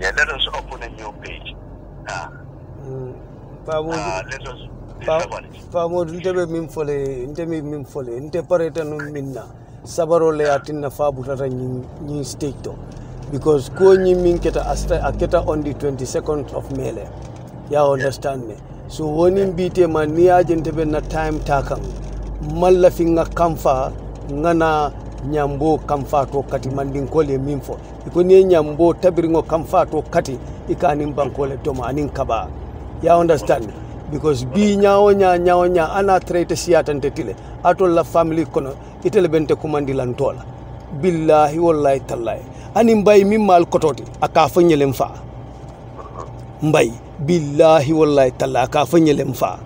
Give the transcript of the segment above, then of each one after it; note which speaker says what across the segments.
Speaker 1: media. Let us open a new page.
Speaker 2: Uh, uh, let us famodu ntebe min fole nte mi min fole nte pareta no minna sabaro le atinna fa butata ñi stage to because ko ñi min keta asta a keta on the 22nd of mele le ya understand me so woni mbite ma ni nte be na time takam malla fi nga kamfa ngana ñambo kam fato kati mandinkole min fo iko ni ñambo tabiriŋo kam kati i ka aniŋ bankole tomo aniŋ kaba ya understand because bi ñawo ña ñawo ña ana traité siyatante tile atol la family kono itele bente kumandilantola billahi wallahi tallahi ani mbay min mal kototi aka fo ñelem fa mbay billahi wallahi tallahi aka fo ñelem fa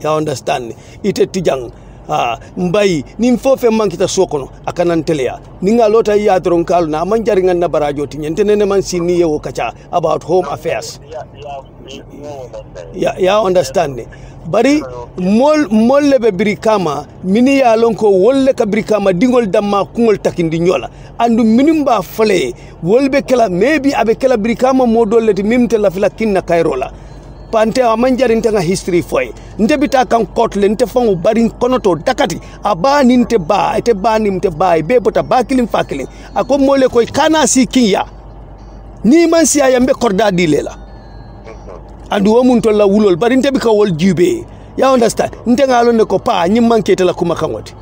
Speaker 2: ya understand ite tijang ha ah, mbayi nin fo fen mankita sokono kono a kanan teleya nin lota ya doron kalu na man jari na barajo ti ñente nene man ni yewo kacha about home affairs ya, ya understand ne bari mol mol lebe brikama mini ya lon ko wolle ka brikama dingol damma kungol takindi nyola andu minim ba fale wolbe kala maybe abe kala brikama modolle ti mimte la fila kinna kayrola pante a amanjari nte nga history foy nte bita kan kotle nte fangu barin konoto dakati a ba abani nte ba ete bani mte ba be bota ba kilin fa kilin ako mole koy kana si kinya ni man si ayambe korda di lela mhm. andu wo mun to la wulol barin te bi bika wol jube ya understand nte nga ngalo ne ko pa ni man ke te la kuma kangoti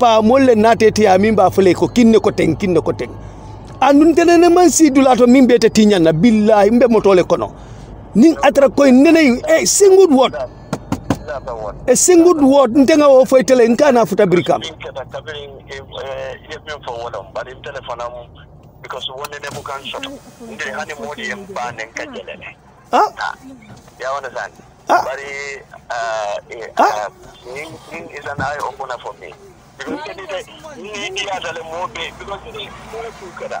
Speaker 2: pa mole na te natete ya ba fule ko kinne ko ten kinne ko ten andun tenene man si dulato min bete tiñanna billahi mbe motole kono ning atara koy nenayu a eh, single word a eh, single word ntenga wo foy tele nkana futa birkam
Speaker 1: because wone ne bukan soto nde hani modi en banen kajelele ah ya wona san ah bari uh, ah, ah. Eh, ah. Um, ning is an eye opener for me because ni ni ya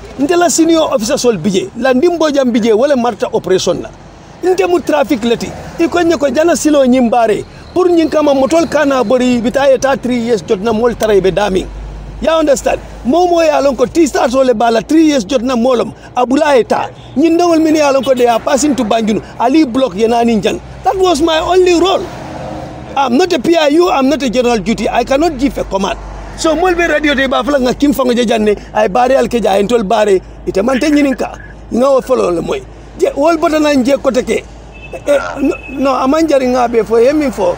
Speaker 2: nte la senior officer sol bije la ndimbo jam bije wala marta operation na nte mu traffic leti iko ko jana silo nyimbare pour nyin kama motol kana bori bitaye ta 3 years jotna mol taray be dami ya understand momo ya lon ko tista so le bala 3 years jotna molom abulaye ta nyin dawol min ya lon ko de ya passing to banjunu ali block yenani jang that was my only role i'm not a piu i'm not a general duty i cannot give a command so mol be radio te ba fala nga kim fango je janne ay baare al ke ja en tol baare ite man te nyinin ka nga o folo le moy je wol bota nan je kote ke eh, non ama jari nga be fo yemi fo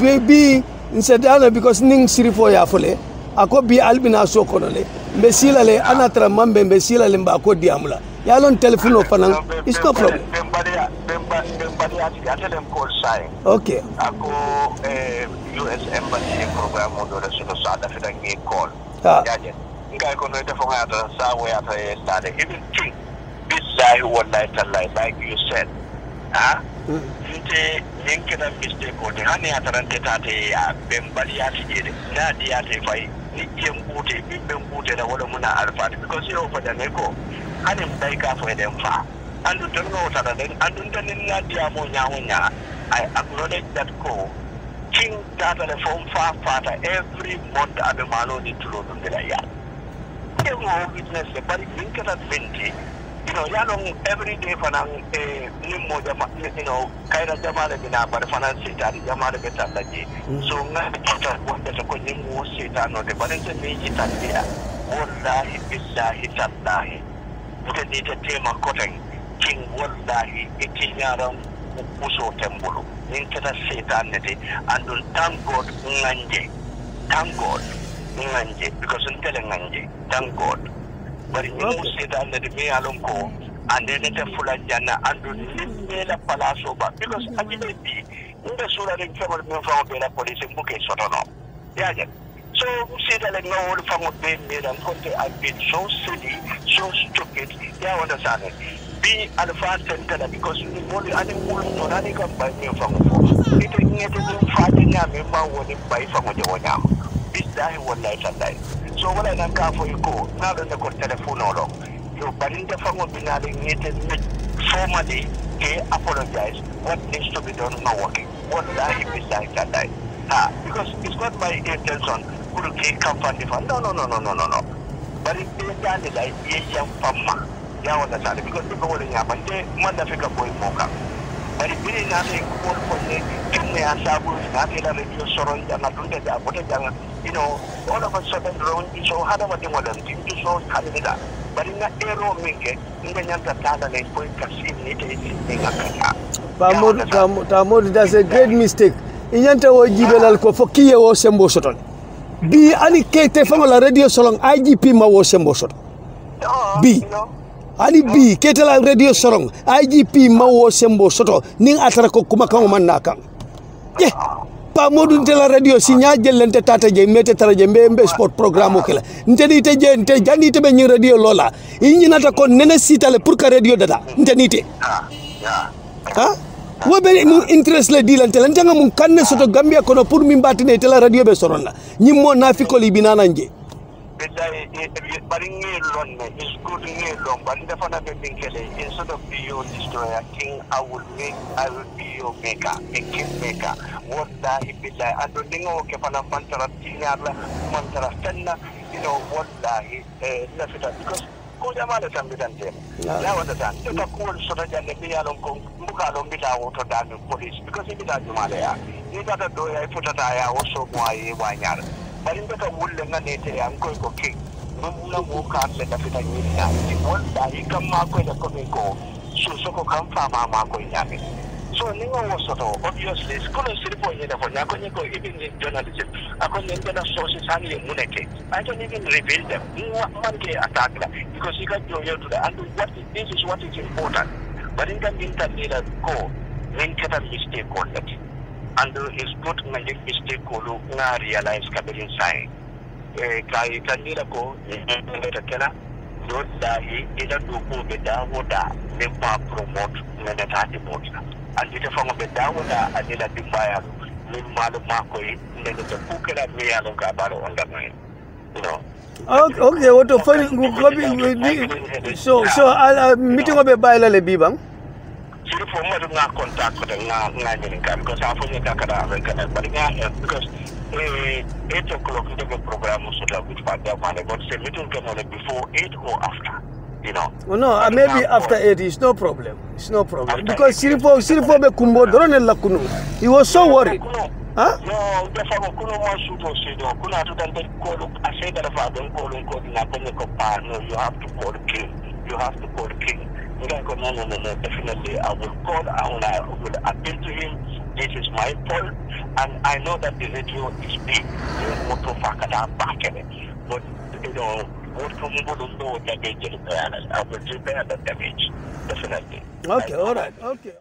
Speaker 2: be bi nsedana because ning siri fo ya fole ako bi albina so kono le mbe silale anatra mambe mbe silale mba ko ya yalon telefono fanan it's no problem
Speaker 1: yani ati yaani, atelem yaani ko sai ok ako eh, US embassy program do le suno sa da fitan ngi call ha yaje ngai ko no defo ngata sa e stade even thing billahi wallahi tallahi like you said ha hmm. nte linkina mistake ote hani atarante tate ah, ya bembali ya tijede na di ya tefai ni jembute bimbe mbute na wala muna alfati because yo pada neko hani mdaika fwede andu donno tara den andu danin na dia mo nya mo nya i acknowledge that ko king data le form fa fata every month abe malo ni tulo dum de la ya e mo witness e bari min kata 20 you know ya long every day fana e eh, ni mo jama you know kaira jama le bina bar fana se tari jama le beta taji mm. so nga kata wanda ta ko ni mo se tano de bari se ni jitan dia wallahi billahi tallahi mutan ni ta tema koteng kin wallahi ikin yaran kuso tembulu nin kata setan ne andun thank god nganje thank god nganje because ntele nganje thank god bari ni okay. setan ne me alon ko ande ne te fulan janna andu nimmela palaso ba because mm-hmm. ajine bi nda sura ne kebal men fa be la police mbuke sotono yaje so setan ne ngawol fa mo be me dan konte i've been so silly so stupid yeah understand it bi alfa tentela because mol ani mul non ani kam bay mi fango fo ite ngete dum faade nyame ma woni bay fango je wonyam billahi wallahi tallahi so wala nan ka fo ko na do ko telephone olo yo barinde fango binale ngete formally he apologize what needs to be done no working wallahi billahi tallahi ha because it's not my intention kuru ke kam fandi phone? no no no no no no no bari be dande dai ye ya wanda sale because ɗum ɗo wole ñaama nde manda fe ka boye moo kam bari biri naata e kuwol koye tinne an saaburu naata ela radio soroy janga ɗum de jaa bote janga you know all of a sudden ron ɗi so haɗama ɗimoɗen tin ɗi so haɗaniɗa bari na ɗero min ke nde ñanta taɗane koye ka sinnite sinne
Speaker 2: gakkata tamoɗo that's a great mistake i ñanta wo jibelal ko fo kiye wo sembo soton bi ani keyte faŋola radio solon igp ma wo sembo soto oh, bi no ani bi ketela radio sorong igp mawo sembo soto nin atara ko kuma kan man na kan ye pa modun tela radio si nya jellente tata je mete tara je mbe mbe sport programme okela nteni te je nte jani te be nyi radio lola inyi nata ko nene sitale pour ka radio data nteni te ha wobe mu interest le dilante lantanga mun kanne soto gambia kono pour min batine tela radio be soron nyi nyimmo nafikoli binana nje
Speaker 1: bedda bari ngellon ne is good ngellon bari defana ɓe ɓinkele instead of be your destroyer king i will make i will be your maker a king maker wallahi billahi ando ndingawo ke fana mantara tiñarla mantara fenna you know wallahi eh, nafita because ko jama da san bidan te ya wanda san to ta ko so ta janne bi ya lon ko muka lon bi ta woto because bi ta juma ya ni ta da do ya ya wo so bari mbeta wulle nga netere an koy ko ke ɗum na mu ka ɓe dafita ñinna wonɗa i kam makoy le komi ko susoko kam fama makoy ñamin so ni nga wosoto obviously kuno siripo ñene fo ñako ni ko even in journalism ako ñen dena sources han ye muneke i don't even reveal them man ke attack la because you got your to the and what is, this is what is important but in kan min tan ni la ko min ketan mistake on that and his good magic mistake kolu nga realize kabirin sai e ka itanni da ko ne ta kana don da yi ila doko be da woda ne pa promote ne ne ta di mota and ita fa be da woda adila di baya ni malu ma ko yi ne ne ta ku kala me ya lon ka baro on
Speaker 2: da no okay what the funny so so uh, meeting obe baila bibang
Speaker 1: siri fo ma dum na contact ko nga nga ni ka ko because eh
Speaker 2: 8 o'clock the program so that we find but before eight or after you know Oh no maybe after eight it's no problem it's no problem because siri fo siri kumbo drone he was so worried Huh?
Speaker 1: No, kuno kuno no you have to call king you have to call king no, no, no, no, definitely. I will call and I will appeal to him. This is my fault. And I know that the radio is big. There's more to back in it. But, you know, what
Speaker 2: from don't know damage. I will repair the damage. Definitely. Okay, all right. Okay.